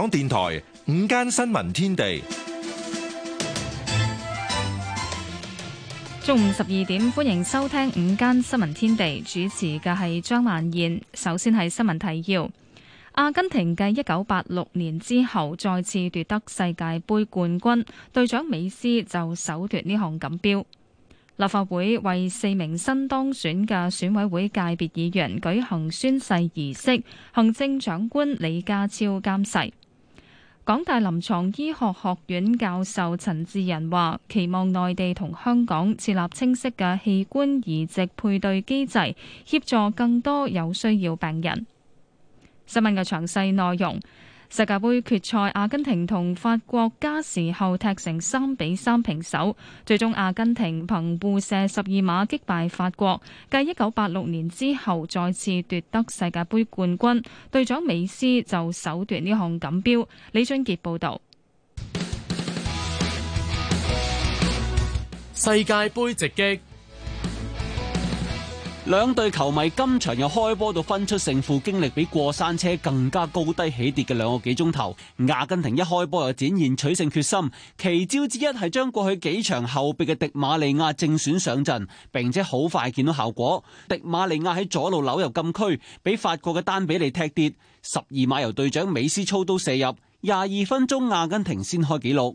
港電台午間新聞天地，中午十二點，歡迎收聽午間新聞天地。主持嘅係張曼燕。首先係新聞提要：阿根廷繼一九八六年之後再次奪得世界盃冠軍，隊長美斯就首奪呢項錦標。立法會為四名新當選嘅選委會界別議員舉行宣誓儀式，行政長官李家超監誓。港大臨牀醫學學院教授陳志仁話：期望內地同香港設立清晰嘅器官移植配對機制，協助更多有需要病人。新聞嘅詳細內容。世界杯決賽，阿根廷同法國加時後踢成三比三平手，最終阿根廷憑補射十二碼擊敗法國，繼一九八六年之後再次奪得世界杯冠軍。隊長美斯就首奪呢項錦標。李俊杰報道。世界杯直擊。兩隊球迷今場又開波到分出勝負，經歷比過山車更加高低起跌嘅兩個幾鐘頭。阿根廷一開波又展現取勝決心，奇招之一係將過去幾場後備嘅迪馬利亞正選上陣，並且好快見到效果。迪馬利亞喺左路扭入禁區，俾法國嘅丹比利踢跌十二碼，由隊長美斯操刀射入。廿二分鐘，阿根廷先開紀錄。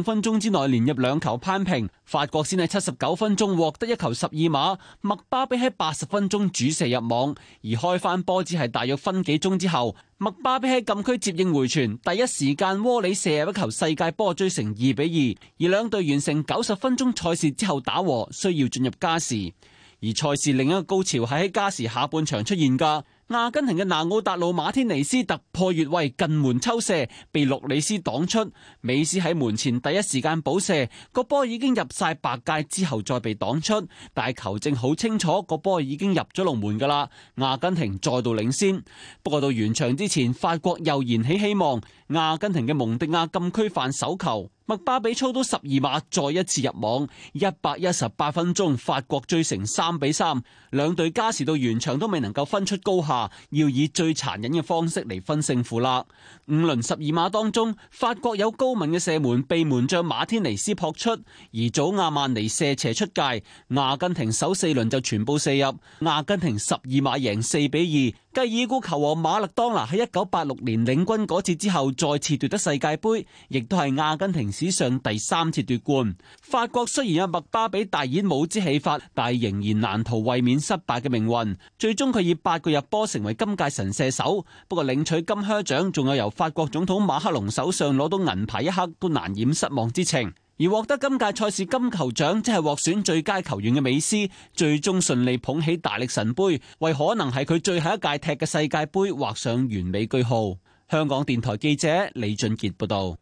五分鐘之內連入兩球，攀平，法國先喺七十九分鐘獲得一球十二碼，麥巴比喺八十分鐘主射入網而開翻波，只係大約分幾鐘之後，麥巴比喺禁區接應回傳，第一時間窩里射入一球，世界波追成二比二，而兩隊完成九十分鐘賽事之後打和，需要進入加時，而賽事另一個高潮係喺加時下半場出現㗎。阿根廷嘅南奧達魯馬天尼斯突破越位近門抽射，被洛里斯擋出。美斯喺門前第一時間補射，個波已經入晒白界之後再被擋出，但係球證好清楚，個波已經入咗龍門噶啦。阿根廷再度領先，不過到完場之前，法國又燃起希望。阿根廷嘅蒙迪亞禁區犯手球。麥巴比操刀十二碼，再一次入網，一百一十八分鐘，法國追成三比三，兩隊加時到完場都未能夠分出高下，要以最殘忍嘅方式嚟分勝負啦。五輪十二碼當中，法國有高敏嘅射門被門將馬天尼斯撲出，而祖亞曼尼射斜出界，阿根廷首四輪就全部射入，阿根廷十二碼贏四比二。繼已故球王馬勒當拿喺一九八六年領軍嗰次之後，再次奪得世界盃，亦都係阿根廷史上第三次奪冠。法國雖然有麥巴比大演舞之戲法，但仍然難逃衛冕失敗嘅命運。最終佢以八個入波成為今屆神射手，不過領取金靴獎，仲有由法國總統馬克龍手上攞到銀牌一刻，都難掩失望之情。而獲得今屆賽事金球獎，即係獲選最佳球員嘅美斯，最終順利捧起大力神杯，為可能係佢最後一屆踢嘅世界杯畫上完美句號。香港電台記者李俊杰報道。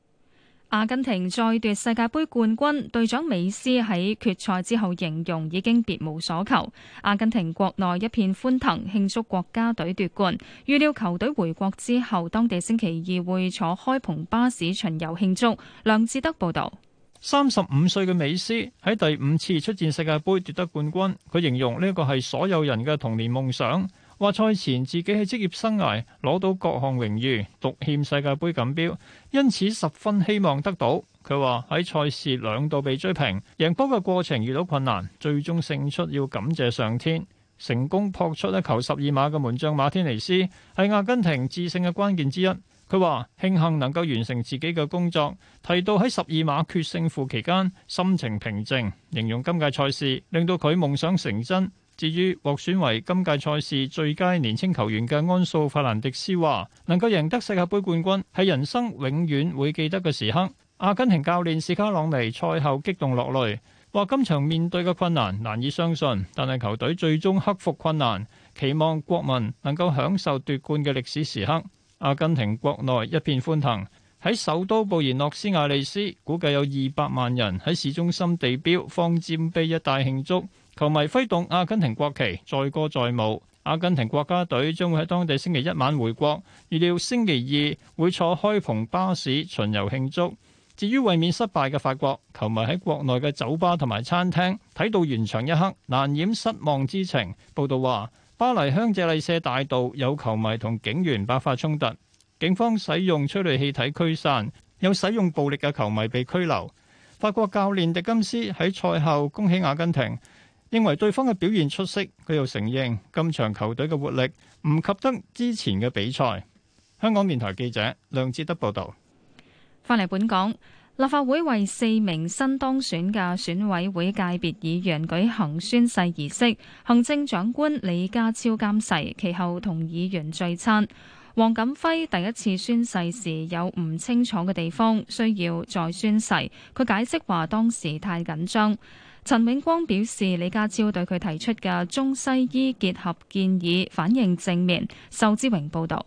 阿根廷再奪世界杯冠軍，隊長美斯喺決賽之後形容已經別無所求。阿根廷國內一片歡騰，慶祝國家隊奪冠，預料球隊回國之後，當地星期二會坐開篷巴士巡遊慶祝。梁志德報道。三十五歲嘅美斯喺第五次出戰世界杯奪得冠軍，佢形容呢個係所有人嘅童年夢想。話賽前自己喺職業生涯攞到各項榮譽，獨欠世界杯錦標，因此十分希望得到。佢話喺賽事兩度被追平，贏波嘅過程遇到困難，最終勝出要感謝上天。成功撲出一球十二碼嘅門將馬天尼斯，係阿根廷致勝嘅關鍵之一。佢話：慶幸能夠完成自己嘅工作，提到喺十二碼決勝負期間心情平靜，形容今屆賽事令到佢夢想成真。至於獲選為今屆賽事最佳年輕球員嘅安素法蘭迪斯話：能夠贏得世界盃冠軍係人生永遠會記得嘅時刻。阿根廷教練史卡朗尼賽後激動落淚，話今場面對嘅困難難以相信，但係球隊最終克服困難，期望國民能夠享受奪冠嘅歷史時刻。阿根廷國內一片歡騰，喺首都布宜諾斯艾利斯，估計有二百萬人喺市中心地標方尖碑一帶慶祝，球迷揮動阿根廷國旗，載歌載舞。阿根廷國家隊將會喺當地星期一晚回國，預料星期二會坐開蓬巴士巡遊慶祝。至於衛冕失敗嘅法國，球迷喺國內嘅酒吧同埋餐廳睇到完場一刻，難掩失望之情。報道話，巴黎香榭麗舍大道有球迷同警員爆發衝突，警方使用催淚氣體驅散，有使用暴力嘅球迷被拘留。法國教練迪金斯喺賽後恭喜阿根廷，認為對方嘅表現出色。佢又承認今場球隊嘅活力唔及得之前嘅比賽。香港電台記者梁志德報道。翻嚟，本港，立法會為四名新當選嘅選委會界別議員舉行宣誓儀式，行政長官李家超監誓，其後同議員聚餐。黃錦輝第一次宣誓時有唔清楚嘅地方，需要再宣誓。佢解釋話當時太緊張。陳永光表示李家超對佢提出嘅中西醫結合建議反應正面。仇之榮報導。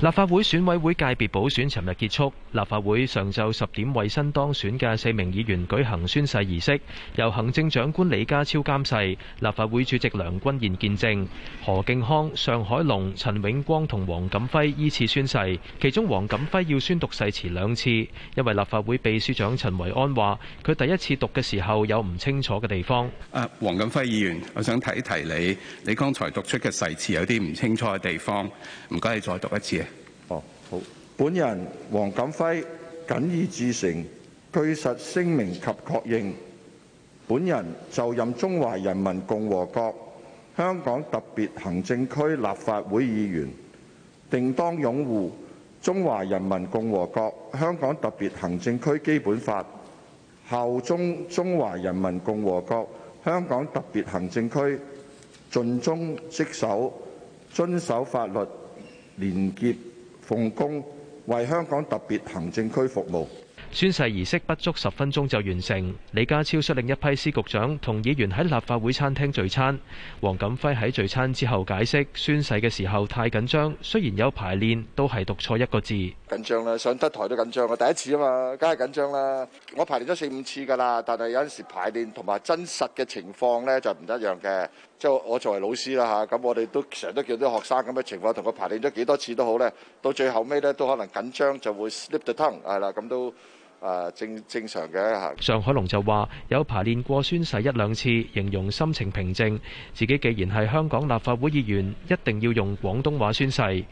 立法會選委會界別補選尋日結束，立法會上晝十點為新當選嘅四名議員舉行宣誓儀式，由行政長官李家超監誓，立法會主席梁君彥見證。何敬康、尚海龍、陳永光同黃錦輝依次宣誓，其中黃錦輝要宣讀誓詞兩次，因為立法會秘書長陳維安話佢第一次讀嘅時候有唔清楚嘅地方。誒，黃錦輝議員，我想提提你，你剛才讀出嘅誓詞有啲唔清楚嘅地方，唔該你再讀一次。本人黃錦輝謹以至誠據實聲明及確認，本人就任中華人民共和國香港特別行政區立法會議員，定當擁護中華人民共和國香港特別行政區基本法，效忠中華人民共和國香港特別行政區，盡忠職守，遵守法律，廉潔奉公，為香港特別行政區服務宣誓儀式不足十分鐘就完成。李家超率領一批司局長同議員喺立法會餐廳聚餐。黃錦輝喺聚餐之後解釋，宣誓嘅時候太緊張，雖然有排練，都係讀錯一個字。緊張啦，上得台都緊張啊，第一次啊嘛，梗係緊張啦。我排練咗四五次噶啦，但係有陣時排練同埋真實嘅情況咧就唔一樣嘅。即係我，我作為老師啦嚇，咁、啊、我哋都成日都叫啲學生咁嘅情況，同佢排練咗幾多次都好咧，到最後尾咧都可能緊張就會 slip the tongue 係啦，咁都。誒正正常嘅嚇。上海龍就話有排練過宣誓一兩次，形容心情平靜。自己既然係香港立法會議員，一定要用廣東話宣誓。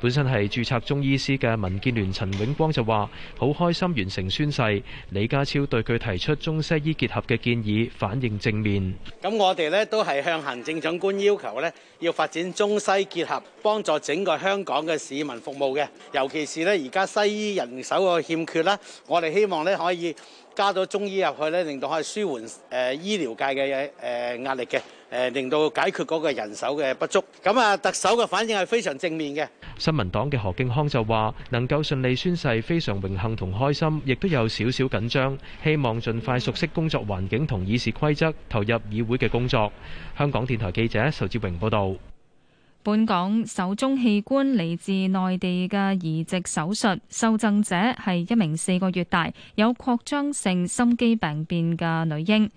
本身係註冊中醫師嘅民建聯陳永光就話好開心完成宣誓。李家超對佢提出中西醫結合嘅建議反應正面。咁我哋咧都係向行政長官要求咧，要發展中西結合，幫助整個香港嘅市民服務嘅。尤其是咧而家西醫人手嘅欠缺啦，我哋希希望咧可以加到中醫入去咧，令到可以舒緩誒醫療界嘅誒壓力嘅誒，令到解決嗰個人手嘅不足。咁啊，特首嘅反應係非常正面嘅。新聞黨嘅何敬康就話：能夠順利宣誓，非常榮幸同開心，亦都有少少緊張，希望盡快熟悉工作環境同議事規則，投入議會嘅工作。香港電台記者仇志榮報道。本港首宗器官嚟自內地嘅移植手術，受贈者係一名四個月大、有擴張性心肌病變嘅女嬰。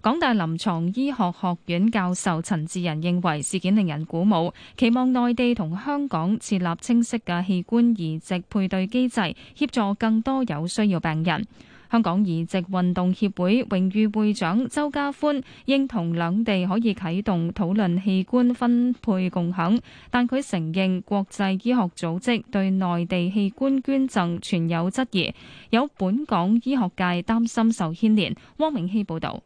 港大臨床醫學學院教授陳志仁認為事件令人鼓舞，期望內地同香港設立清晰嘅器官移植配對機制，協助更多有需要病人。香港移植運動協會榮譽會長周家歡認同兩地可以啟動討論器官分配共享，但佢承認國際醫學組織對內地器官捐贈存有質疑，有本港醫學界擔心受牽連。汪明希報道。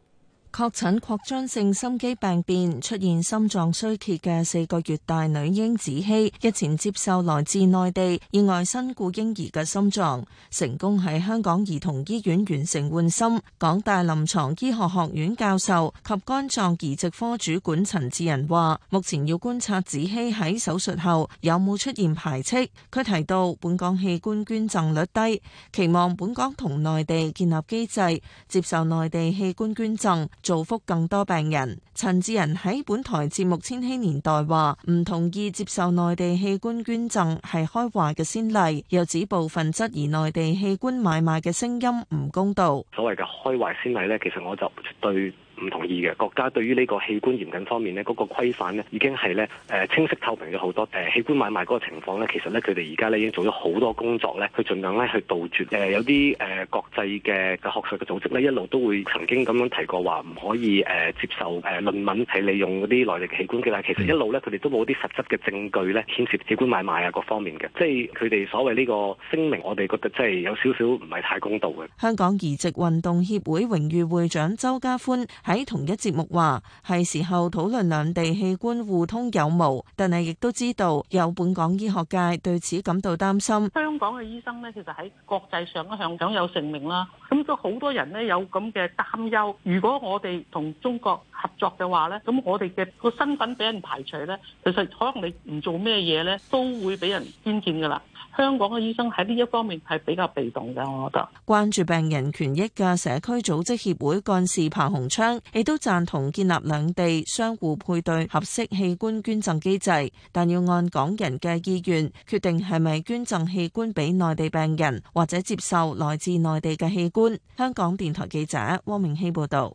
確診擴張性心肌病變、出現心臟衰竭嘅四個月大女嬰子希，日前接受來自內地意外身故嬰兒嘅心臟，成功喺香港兒童醫院完成換心。港大臨床醫學學院教授及肝臟移植科主，主管陳智仁話，目前要觀察子希喺手術後有冇出現排斥。佢提到，本港器官捐贈率低，期望本港同內地建立機制，接受內地器官捐贈。造福更多病人。陳志仁喺本台節目《千禧年代》話唔同意接受內地器官捐贈係開壞嘅先例，又指部分質疑內地器官買賣嘅聲音唔公道。所謂嘅開壞先例咧，其實我就對。唔同意嘅國家對於呢個器官嚴謹方面呢，嗰個規範呢已經係呢誒清晰透明咗好多。誒器官買賣嗰個情況呢，其實呢，佢哋而家呢已經做咗好多工作呢，去盡量呢去杜絕。誒有啲誒國際嘅嘅學術嘅組織呢，一路都會曾經咁樣提過話唔可以誒接受誒論文係利用嗰啲內地器官嘅啦。但其實一路呢，佢哋都冇啲實質嘅證據呢牽涉器官買賣啊各方面嘅，即係佢哋所謂呢個聲明，我哋覺得即係有少少唔係太公道嘅。香港移植運動協會榮譽會長周家歡，喺同一節目話係時候討論兩地器官互通有無，但係亦都知道有本港醫學界對此感到擔心。香港嘅醫生呢，其實喺國際上一向享有盛名啦，咁都好多人呢，有咁嘅擔憂。如果我哋同中國合作嘅話呢，咁我哋嘅個身份俾人排除呢，其實可能你唔做咩嘢呢，都會俾人偏見噶啦。香港嘅醫生喺呢一方面係比較被動嘅，我覺得。關注病人權益嘅社區組織協會幹事彭洪昌亦都贊同建立兩地相互配對合適器官捐贈機制，但要按港人嘅意願決定係咪捐贈器官俾內地病人或者接受來自內地嘅器官。香港電台記者汪明熙報導。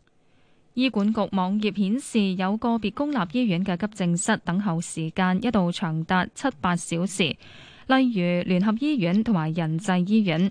醫管局網頁顯示，有個別公立醫院嘅急症室等候時間一度長達七八小時。例如聯合醫院同埋仁濟醫院。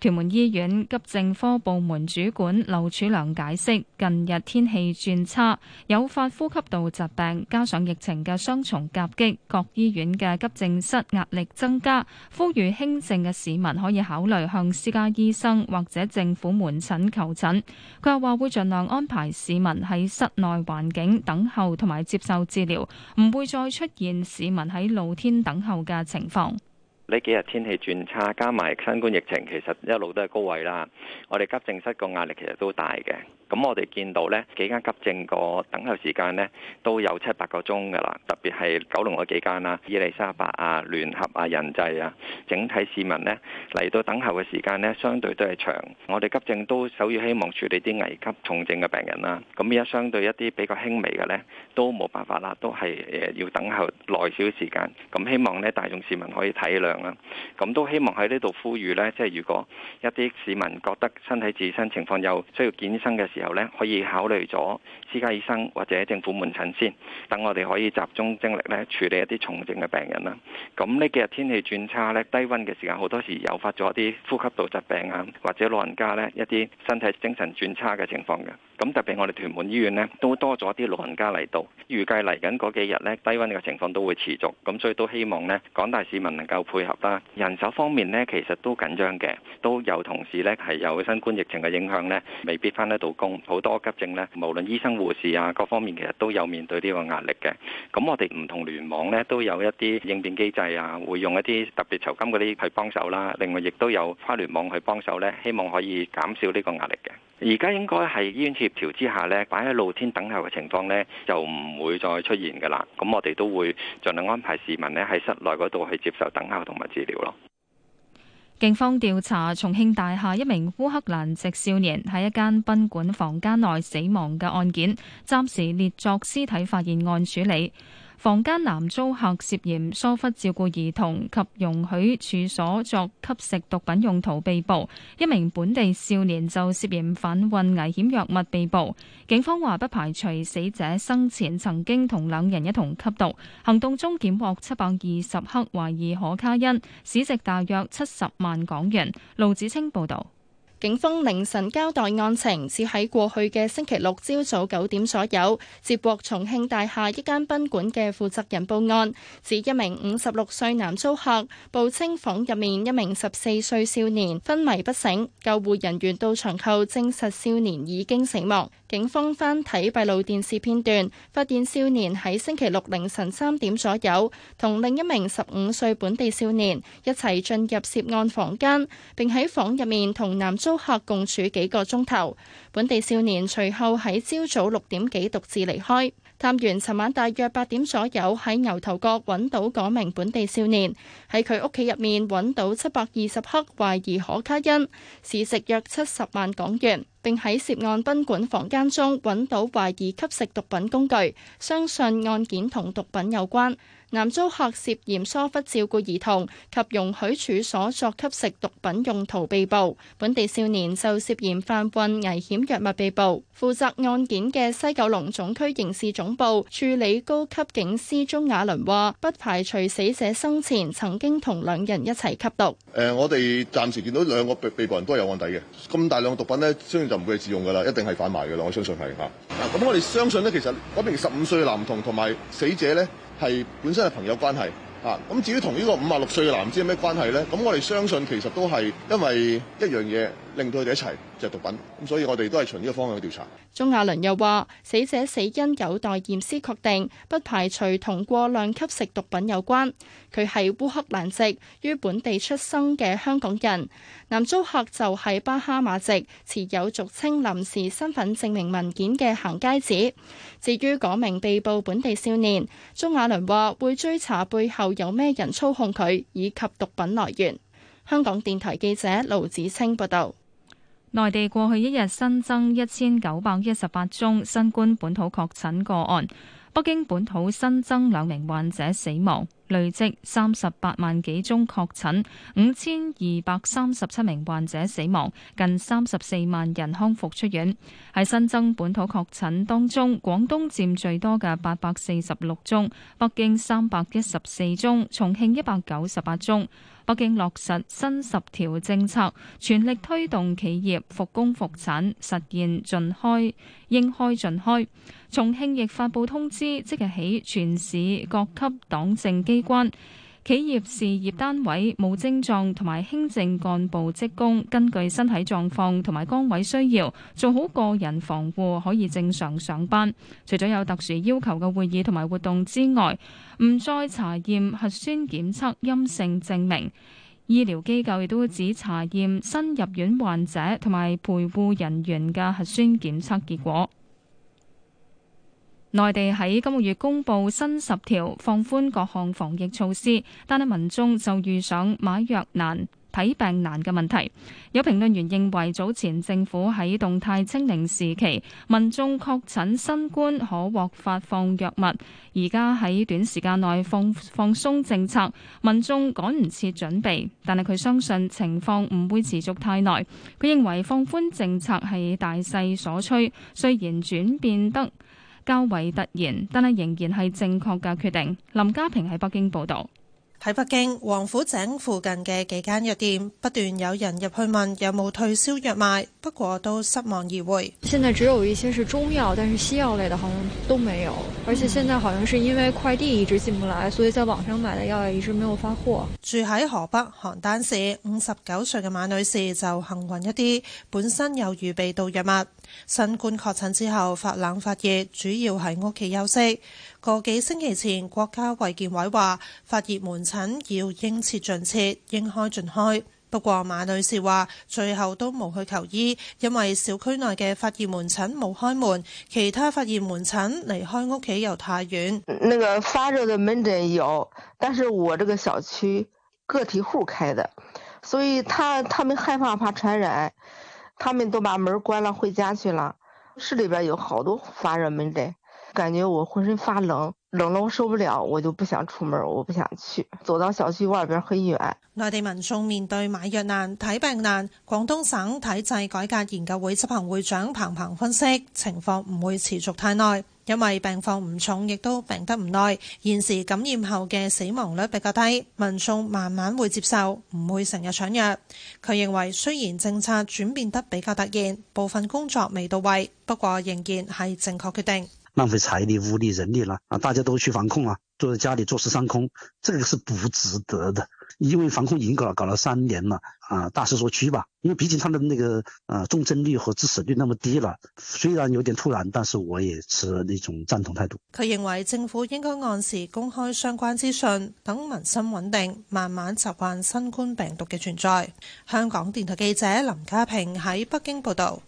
屯門醫院急症科部門主管劉柱良解釋，近日天氣轉差，誘發呼吸道疾病，加上疫情嘅雙重夾擊，各醫院嘅急症室壓力增加。呼籲輕症嘅市民可以考慮向私家醫生或者政府門診求診。佢又話會盡量安排市民喺室內環境等候同埋接受治療，唔會再出現市民喺露天等候嘅情況。呢幾日天氣轉差，加埋新冠疫情，其實一路都係高位啦。我哋急症室個壓力其實都大嘅。咁我哋見到呢幾間急症個等候時間呢，都有七八個鐘噶啦，特別係九龍嗰幾間啦，伊利沙伯啊、聯合啊、仁濟啊，整體市民呢，嚟到等候嘅時間呢，相對都係長。我哋急症都首要希望處理啲危急重症嘅病人啦，咁而家相對一啲比較輕微嘅呢，都冇辦法啦，都係誒要等候耐少時間。咁希望呢，大眾市民可以體諒啦。咁都希望喺呢度呼籲呢，即係如果一啲市民覺得身體自身情況有需要見醫生嘅時，然後咧，可以考慮咗私家醫生或者政府門診先，等我哋可以集中精力咧處理一啲重症嘅病人啦。咁呢幾日天氣轉差咧，低溫嘅時間好多時誘發咗啲呼吸道疾病啊，或者老人家咧一啲身體精神轉差嘅情況嘅。咁特別我哋屯門醫院咧都多咗啲老人家嚟到，預計嚟緊嗰幾日咧低溫嘅情況都會持續，咁所以都希望咧廣大市民能夠配合啦。人手方面咧其實都緊張嘅，都有同事咧係有新冠疫情嘅影響咧，未必翻得到工。好多急症咧，無論醫生、護士啊，各方面其實都有面對呢個壓力嘅。咁我哋唔同聯網咧，都有一啲應變機制啊，會用一啲特別酬金嗰啲去幫手啦。另外亦都有跨聯網去幫手咧，希望可以減少呢個壓力嘅。而家應該係醫院協調之下咧，擺喺露天等候嘅情況咧，就唔會再出現㗎喇。咁我哋都會盡量安排市民咧喺室內嗰度去接受等候同埋治療咯。警方調查重慶大廈一名烏克蘭籍少年喺一間賓館房間內死亡嘅案件，暫時列作屍體發現案處理。房間男租客涉嫌疏忽照顧兒童及容許處所作吸食毒品用途被捕，一名本地少年就涉嫌販運危險藥物被捕。警方話不排除死者生前曾經同兩人一同吸毒。行動中檢獲七百二十克懷疑可卡因，市值大約七十萬港元。盧子清報道。警方凌晨交代案情，指喺過去嘅星期六朝早九點左右，接獲重慶大廈一間賓館嘅負責人報案，指一名五十六歲男租客報稱房入面一名十四歲少年昏迷不醒，救護人員到場後證實少年已經死亡。警方翻睇閉路電視片段，發現少年喺星期六凌晨三點左右，同另一名十五歲本地少年一齊進入涉案房間，並喺房入面同男租。租客共處幾個鐘頭，本地少年隨後喺朝早六點幾獨自離開。探員尋晚大約八點左右喺牛頭角揾到嗰名本地少年，喺佢屋企入面揾到七百二十克懷疑可卡因，市值約七十萬港元，並喺涉案賓館房間中揾到懷疑吸食毒品工具，相信案件同毒品有關。男租客涉嫌疏忽照顧兒童及容許處所作吸食毒品用途被捕，本地少年就涉嫌販運危險藥物被捕。負責案件嘅西九龍總區刑事總部署理高級警司鍾雅倫話，不排除死者生前曾經同兩人一齊吸毒。誒、呃，我哋暫時見到兩個被,被告人都係有案底嘅咁大量毒品呢，相信就唔會係自用噶啦，一定係販賣噶啦。我相信係嚇嗱，咁、啊、我哋相信呢，其實嗰名十五歲男童同埋死者呢。係本身係朋友關係啊。咁至於同呢個五啊六歲嘅男子有咩關係咧？咁我哋相信其實都係因為一樣嘢。令到佢哋一齊就係毒品，咁所以我哋都係循呢個方向去調查。鍾亞倫又話：死者死因有待驗屍確定，不排除同過量吸食毒品有關。佢係烏克蘭籍，於本地出生嘅香港人。男租客就係巴哈馬籍，持有俗稱臨時身份證明文件嘅行街紙。至於嗰名被捕本地少年，鍾亞倫話會追查背後有咩人操控佢，以及毒品來源。香港電台記者盧子清報導。內地過去一日新增一千九百一十八宗新冠本土確診個案，北京本土新增兩名患者死亡。累積三十八萬幾宗確診，五千二百三十七名患者死亡，近三十四萬人康復出院。喺新增本土確診當中，廣東佔最多嘅八百四十六宗，北京三百一十四宗，重慶一百九十八宗。北京落實新十條政策，全力推動企業復工復產，實現盡開，應開盡開。重慶亦發佈通知，即日起全市各級黨政機關、企業、事業單位冇症狀同埋輕症幹部、職工，根據身體狀況同埋崗位需要，做好個人防護，可以正常上班。除咗有特殊要求嘅會議同埋活動之外，唔再查驗核酸檢測陰性證明。醫療機構亦都只查驗新入院患者同埋陪護人員嘅核酸檢測結果。內地喺今個月公布新十條放寬各項防疫措施，但係民眾就遇上買藥難、睇病難嘅問題。有評論員認為，早前政府喺動態清零時期，民眾確診新冠可獲發放藥物，而家喺短時間內放放鬆政策，民眾趕唔切準備。但係佢相信情況唔會持續太耐。佢認為放寬政策係大勢所趨，雖然轉變得較為突然，但係仍然係正確嘅決定。林家平喺北京報道，喺北京王府井附近嘅幾間藥店，不斷有人入去問有冇退燒藥賣，不過都失望而回。現在只有一些是中藥，但是西藥類的好像都沒有。而且現在好像是因為快遞一直進不來，所以在網上買的藥一直沒有發貨。住喺河北邯鄲市五十九歲嘅馬女士就幸運一啲，本身有預備到藥物。新冠確診之後發冷發熱，主要喺屋企休息。個幾星期前，國家衛健委話發熱門診要應設盡設，應開盡開。不過馬女士話最後都冇去求醫，因為小區內嘅發熱門診冇開門，其他發熱門診離開屋企又太遠。那個發熱的門診有，但是我這個小區個體戶開的，所以他他們害怕怕傳染。他們都把門關了，回家去了。市裏邊有好多發熱門診，感覺我渾身發冷，冷了，我受不了，我就不想出門，我不想去。走到小區外邊很遠。內地民眾面對買藥難、睇病難，廣東省體制改革研究會執行會長彭鵬分析，情況唔會持續太耐。因為病況唔重，亦都病得唔耐，現時感染後嘅死亡率比較低，民眾慢慢會接受，唔會成日搶藥。佢認為雖然政策轉變得比較突然，部分工作未到位，不過仍然係正確決定。浪費財力、物力、人力啦，啊，大家都去防控啊，坐在家裡坐吃山空，這個是不值得的。因為防控已經搞了，搞了三年了，啊，大勢所趨吧。因為畢竟他的那個，啊，重症率和致死率那麼低了，雖然有點突然，但是我也持那種贊同態度。佢認為政府應該按時公開相關資訊，等民心穩定，慢慢習慣新冠病毒嘅存在。香港電台記者林家平喺北京報道。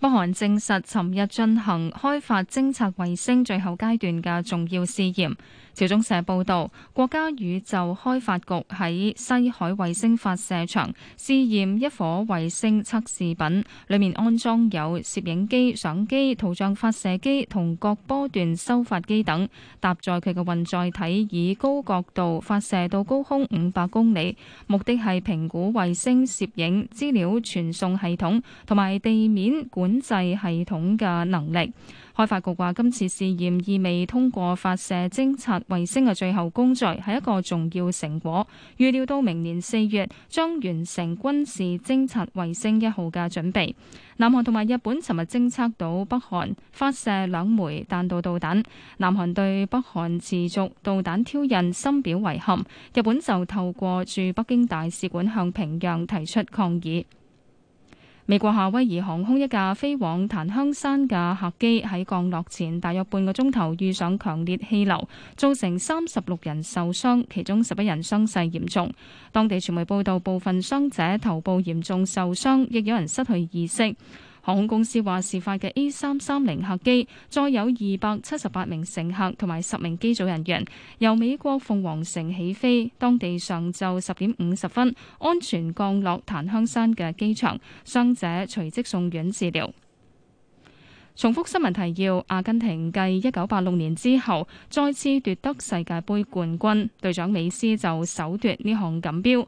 北韓證實尋日進行開發偵察衛星最後階段嘅重要試驗。朝中社報導，國家宇宙開發局喺西海衛星發射場試驗一顆衛星測試品，裡面安裝有攝影機、相機、圖像發射機同各波段收發機等，搭載佢嘅運載體以高角度發射到高空五百公里，目的係評估衛星攝影資料傳送系統同埋地面管。管制系統嘅能力。開發局話今次試驗意味通過發射偵察衛星嘅最後工序係一個重要成果。預料到明年四月將完成軍事偵察衛星一號嘅準備，南韓同埋日本尋日偵察到北韓發射兩枚彈道導彈，南韓對北韓持續導彈挑釁深表遺憾。日本就透過駐北京大使館向平壤提出抗議。美國夏威夷航空一架飛往檀香山嘅客機喺降落前大約半個鐘頭遇上強烈氣流，造成三十六人受傷，其中十一人傷勢嚴重。當地傳媒報道，部分傷者頭部嚴重受傷，亦有人失去意識。航空公司話，事發嘅 A 三三零客機載有二百七十八名乘客同埋十名機組人員，由美國鳳凰城起飛，當地上晝十點五十分安全降落檀香山嘅機場，傷者隨即送院治療。重複新聞提要：阿根廷繼一九八六年之後再次奪得世界盃冠軍，隊長美斯就首奪呢項錦標。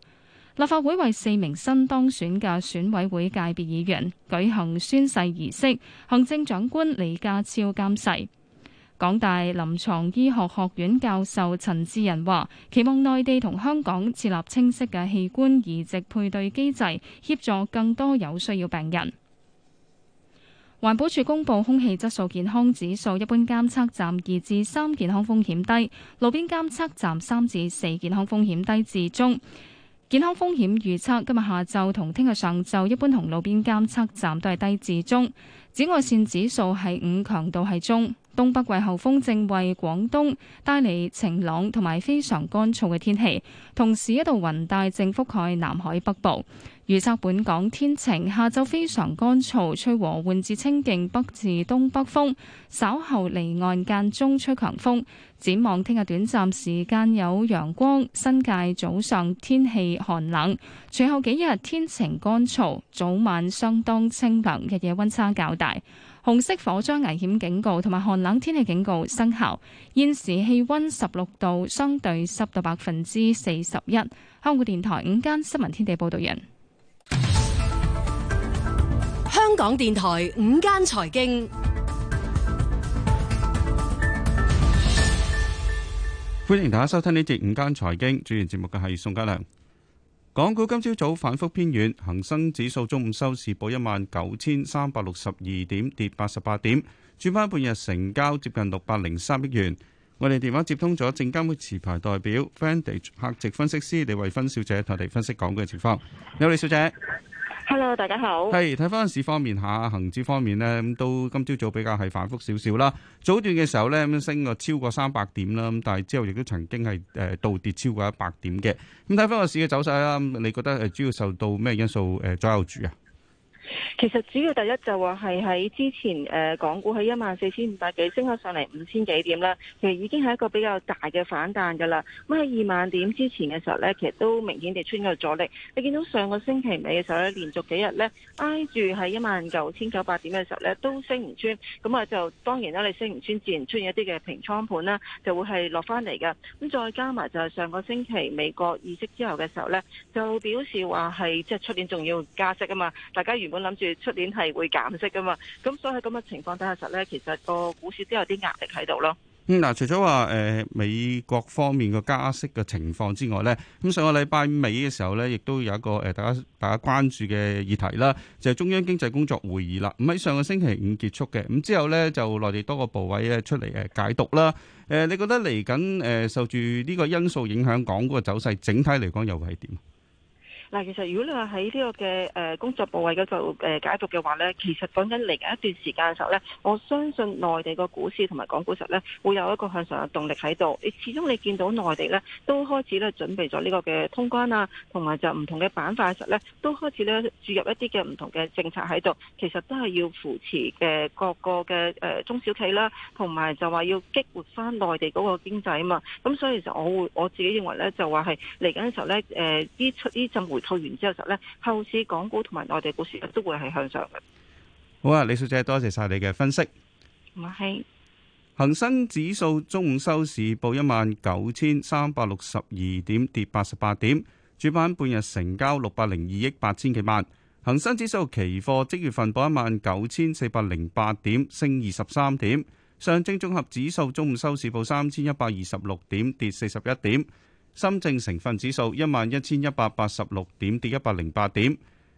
立法會為四名新當選嘅選委會界別議員舉行宣誓儀式，行政長官李家超監誓。港大臨床醫學學院教授陳志仁話，期望內地同香港設立清晰嘅器官移植配對機制，協助更多有需要病人。環保署公布空氣質素健康指數，一般監測站二至三健康風險低，路邊監測站三至四健康風險低至中。健康風險預測今日下晝同聽日上晝一般、同路邊監測站都係低至中。紫外線指數係五，強度係中。東北季候風正為廣東帶嚟晴朗同埋非常乾燥嘅天氣，同時一道雲帶正覆蓋南海北部。預測本港天晴，下晝非常乾燥，吹和緩至清勁北至東北風。稍後離岸間中吹強風。展望聽日短暫時間有陽光，新界早上天氣寒冷。隨後幾日天晴乾燥，早晚相當清涼，日夜溫差較大。紅色火災危險警告同埋寒冷天氣警告生效。現時氣溫十六度，相對濕度百分之四十一。香港電台午間新聞天地報道人。香港電台午間財經，歡迎大家收聽呢節午間財經。主持節目嘅係宋家良。港股今朝早，早反復偏軟，恒生指數中午收市報一萬九千三百六十二點，跌八十八點。轉翻半日成交接近六百零三億元。我哋電話接通咗證監會持牌代表 Fandage 客席分析師李慧芬小姐，同我哋分析港股嘅情況。你好，李小姐。Hello，大家好。係睇翻市方面，下恒指方面咧，咁都今朝早，早比較係反覆少少啦。早段嘅時候咧，咁升過超過三百點啦。咁但係之後亦都曾經係誒倒跌超過一百點嘅。咁睇翻個市嘅走勢啦，你覺得誒主要受到咩因素誒左右住啊？其實主要第一就話係喺之前誒，港股喺一萬四千五百幾升咗上嚟五千幾點啦，其實已經係一個比較大嘅反彈噶啦。咁喺二萬點之前嘅時候呢，其實都明顯地穿咗阻力。你見到上個星期尾嘅時候咧，連續幾日呢，挨住喺一萬九千九百點嘅時候呢，都升唔穿，咁啊就當然啦，你升唔穿自然出現一啲嘅平倉盤啦，就會係落翻嚟嘅。咁再加埋就係上個星期美國議息之後嘅時候呢，就表示話係即係出年仲要加息啊嘛，大家如本諗住出年係會減息噶嘛，咁所以喺咁嘅情況底下，實咧其實個股市都有啲壓力喺度咯。嗯，嗱，除咗話誒美國方面嘅加息嘅情況之外咧，咁上個禮拜尾嘅時候咧，亦都有一個誒大家大家關注嘅議題啦，就係中央經濟工作會議啦。咁喺上個星期五結束嘅，咁之後咧就內地多個部委咧出嚟誒解讀啦。誒，你覺得嚟緊誒受住呢個因素影響，港股嘅走勢整體嚟講又會係點？嗱，其實如果你話喺呢個嘅誒工作部位嗰度誒解讀嘅話咧，其實講緊嚟緊一段時間嘅時候咧，我相信內地個股市同埋港股實咧會有一個向上嘅動力喺度。你始終你見到內地咧都開始咧準備咗呢個嘅通關啊，同埋就唔同嘅板塊實咧都開始咧注入一啲嘅唔同嘅政策喺度，其實都係要扶持嘅各個嘅誒中小企啦、啊，同埋就話要激活翻內地嗰個經濟啊嘛。咁所以其實我會我自己認為咧，就話係嚟緊嘅時候咧，誒呢出呢陣活。套完之後咧，後市港股同埋內地股市都會係向上嘅。好啊，李小姐，多謝晒你嘅分析。唔係是，恒生指數中午收市報一萬九千三百六十二點，跌八十八點。主板半日成交六百零二億八千幾萬。恒生指數期貨即月份報一萬九千四百零八點，升二十三點。上證綜合指數中午收市報三千一百二十六點，跌四十一點。深證成分指數一萬一千一百八十六點，跌一百零八點。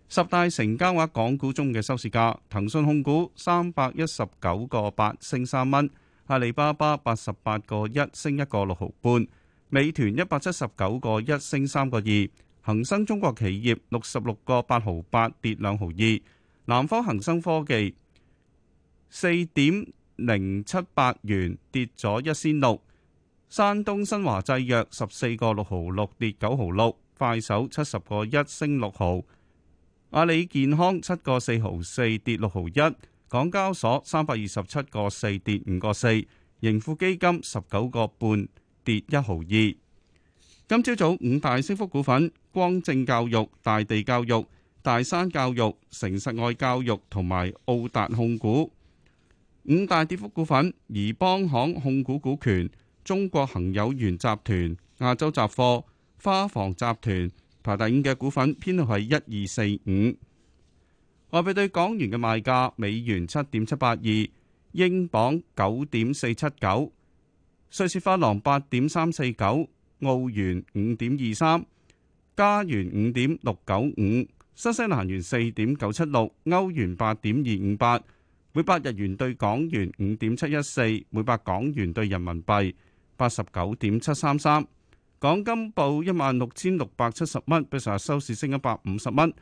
十大成交額港股中嘅收市價：騰訊控股三百一十九個八，升三蚊；阿里巴巴八十八個一，升一個六毫半；美團一百七十九個一，升三個二；恒生中國企業六十六個八毫八，跌兩毫二；南方恒生科技四點零七八元，跌咗一仙六。山東新華製藥十四個六毫六，跌九毫六，快手七十個一升六毫，阿里健康七個四毫四，跌六毫一，港交所三百二十七個四，跌五個四，盈富基金十九個半，跌一毫二。今朝早五大升幅股份：光正教育、大地教育、大山教育、成實外教育同埋奧達控股。五大跌幅股份：宜邦行控股股權。中國恒友源集團、亞洲雜貨、花房集團排第五嘅股份，編號係一二四五。外幣對港元嘅賣價：美元七點七八二，英鎊九點四七九，瑞士法郎八點三四九，澳元五點二三，加元五點六九五，新西蘭元四點九七六，歐元八點二五八，每百日元對港元五點七一四，每百港元對人民幣。八十九點七三三，33，港金報一萬六千六百七十蚊，比上日收市升一百五十蚊。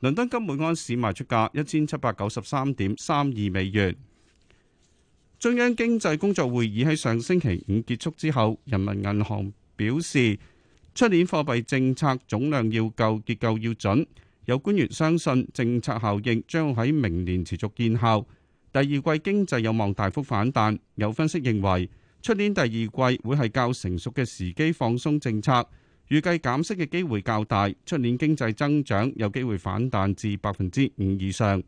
倫敦金每盎司賣出價一千七百九十三點三二美元。中央經濟工作會議喺上星期五結束之後，人民銀行表示，出年貨幣政策總量要夠，結構要準。有官員相信政策效應將喺明年持續見效，第二季經濟有望大幅反彈。有分析認為。出年第二季會係較成熟嘅時機放鬆政策，預計減息嘅機會較大。出年經濟增長有機會反彈至百分之五以上。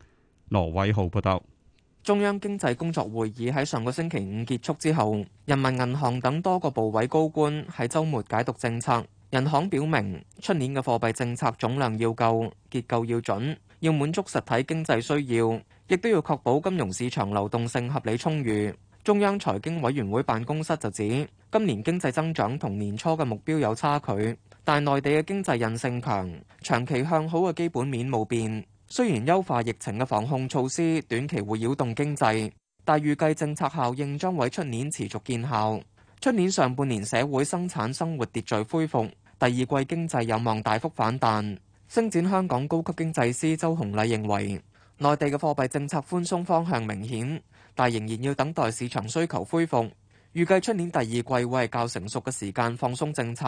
羅偉浩報道。中央經濟工作會議喺上個星期五結束之後，人民銀行等多個部委高官喺周末解讀政策。人行表明，出年嘅貨幣政策總量要夠，結構要準，要滿足實體經濟需要，亦都要確保金融市場流動性合理充裕。中央財經委員會辦公室就指，今年經濟增長同年初嘅目標有差距，但內地嘅經濟韌性強，長期向好嘅基本面冇變，雖然優化疫情嘅防控措施短期會擾動經濟，但預計政策效應將會出年持續見效。出年上半年社會生產生活秩序恢復，第二季經濟有望大幅反彈，星展香港高級經濟師周紅麗認為，內地嘅貨幣政策寬鬆方向明顯。但仍然要等待市場需求恢復，預計出年第二季會係較成熟嘅時間放鬆政策，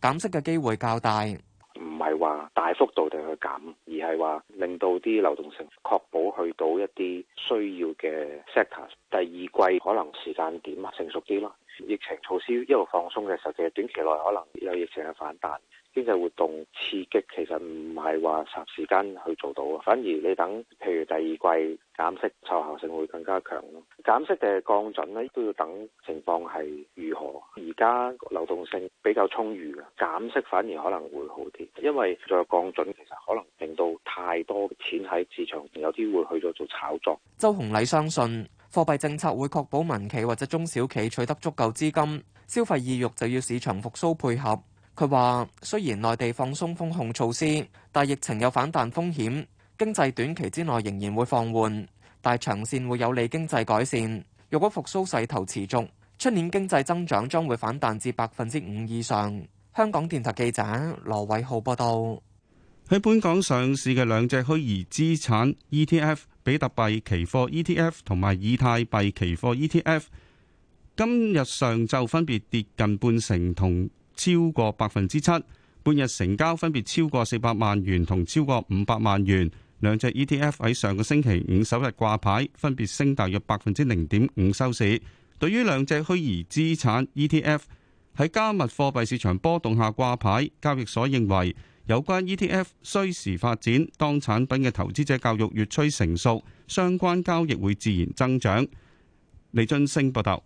減息嘅機會較大，唔係話大幅度地去減，而係話令到啲流動性確保去到一啲需要嘅 sector。第二季可能時間點啊成熟啲咯，疫情措施一路放鬆嘅時候，其實短期內可能有疫情嘅反彈。經濟活動刺激其實唔係話霎時間去做到嘅，反而你等，譬如第二季減息，成效性會更加強咯。減息定係降準呢，都要等情況係如何。而家流動性比較充裕嘅，減息反而可能會好啲，因為再降準其實可能令到太多嘅錢喺市場，有啲會去咗做炒作。周洪禮相信貨幣政策會確保民企或者中小企取得足夠資金，消費意欲就要市場復甦配合。佢話：雖然內地放鬆封控措施，但疫情有反彈風險，經濟短期之內仍然會放緩，但係長線會有利經濟改善。若果復甦勢頭持續，出年經濟增長將會反彈至百分之五以上。香港電台記者羅偉浩報道。喺本港上市嘅兩隻虛擬資產 ETF，比特幣期貨 ETF 同埋以太幣期貨 ETF，今日上晝分別跌近半成同超過百分之七，半日成交分別超過四百萬元同超過五百萬元。兩隻 ETF 喺上個星期五首日掛牌，分別升大約百分之零點五收市。對於兩隻虛擬資產 ETF，喺加密貨幣市場波動下掛牌，交易所認為有關 ETF 需時發展，當產品嘅投資者教育越趨成熟，相關交易會自然增長。李俊升報道。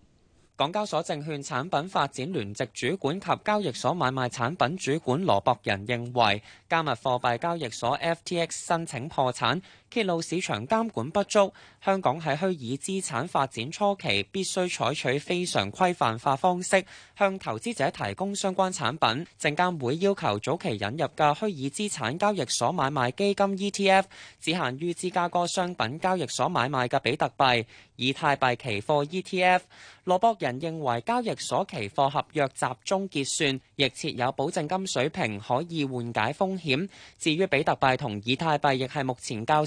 港交所證券產品發展聯席主管及交易所買賣產品主管羅博仁認為，加密貨幣交易所 FTX 申請破產，揭露市場監管不足，香港喺虛擬資產發展初期必須採取非常規範化方式向投資者提供相關產品。證監會要求早期引入嘅虛擬資產交易所買賣基金 ETF，只限於芝加哥商品交易所買賣嘅比特幣、以太幣期貨 ETF。羅博仁認為交易所期貨合約集中結算，亦設有保證金水平可以緩解風險。至於比特幣同以太幣，亦係目前較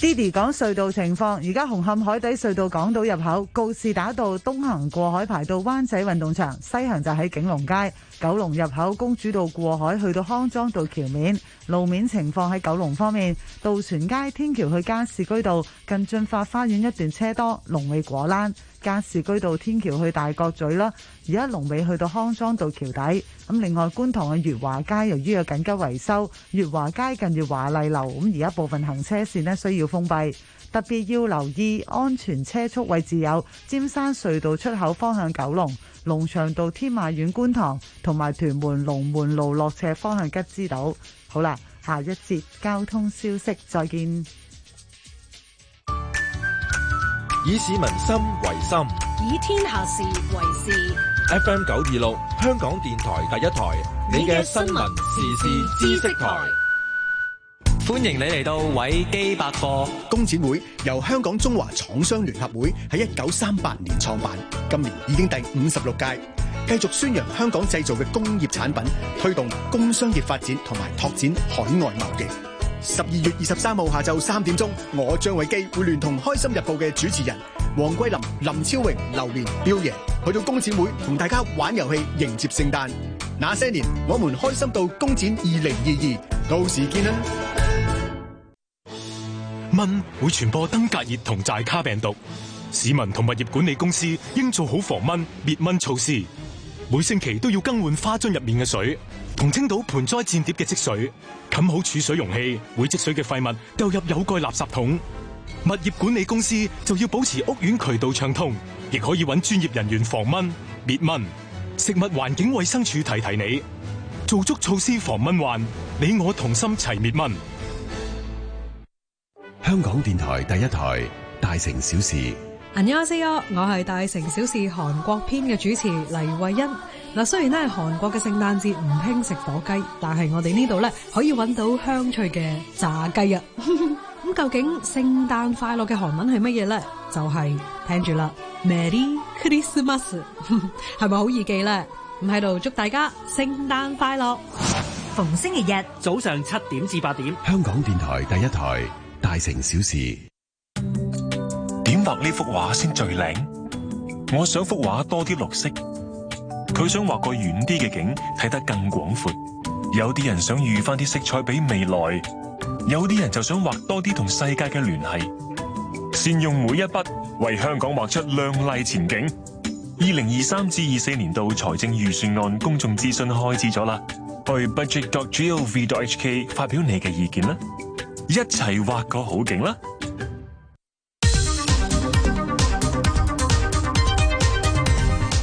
Diddy 講隧道情況，而家紅磡海底隧道港島入口告士打道東行過海排到灣仔運動場，西行就喺景隆街。九龍入口公主道過海去到康莊道橋面。路面情況喺九龍方面，渡船街天橋去加士居道近駿發花園一段車多，龍尾果欄。加士居道天橋去大角咀啦，而家龍尾去到康莊道橋底。咁另外觀塘嘅月華街由於有緊急維修，月華街近住華麗樓，咁而家部分行車線呢需要封閉，特別要留意安全車速位置，有尖山隧道出口方向九龍、龍翔道天馬苑觀塘同埋屯門龍門路，路落斜方向吉之島。好啦，下一節交通消息再見。以市民心為心，以天下事為事。FM 九二六，香港電台第一台，你嘅新聞時事資訊台。歡迎你嚟到偉基百貨工展會，由香港中華廠商聯合會喺一九三八年創辦，今年已經第五十六屆，繼續宣揚香港製造嘅工業產品，推動工商業發展同埋拓展海外貿易。十二月二十三號下晝三點鐘，我張偉基會聯同《開心日報》嘅主持人黃桂林、林超榮、榴蓮、彪爺去到工展會，同大家玩遊戲迎接聖誕。那些年，我們開心到工展二零二二，到時見啦。蚊會傳播登革熱同寨卡病毒，市民同物業管理公司應做好防蚊滅蚊措施。每星期都要更換花樽入面嘅水。同清倒盆栽戰碟嘅積水，冚好儲水容器，會積水嘅廢物掉入有蓋垃圾桶。物業管理公司就要保持屋苑渠道暢通，亦可以揾專業人員防蚊滅蚊。食物環境衛生署提提你，做足措施防蚊患，你我同心齊滅蚊。香港電台第一台大城小事。我係大城小事韓國篇嘅主持黎慧欣。嗱，雖然咧係韓國嘅聖誕節唔興食火雞，但係我哋呢度咧可以揾到香脆嘅炸雞啊！咁 究竟聖誕快樂嘅韓文係乜嘢咧？就係、是、聽住啦，Merry Christmas，係咪好易記咧？咁喺度祝大家聖誕快樂！逢星期日早上七點至八點，香港電台第一台大城小事。點畫呢幅畫先最靚？我想幅畫多啲綠色。佢想畫個遠啲嘅景，睇得更廣闊。有啲人想預翻啲色彩俾未來，有啲人就想畫多啲同世界嘅聯繫。善用每一筆，為香港畫出亮麗前景。二零二三至二四年度財政預算案公眾諮詢開始咗啦，去 budget.gov.hk 發表你嘅意見啦，一齊畫個好景啦！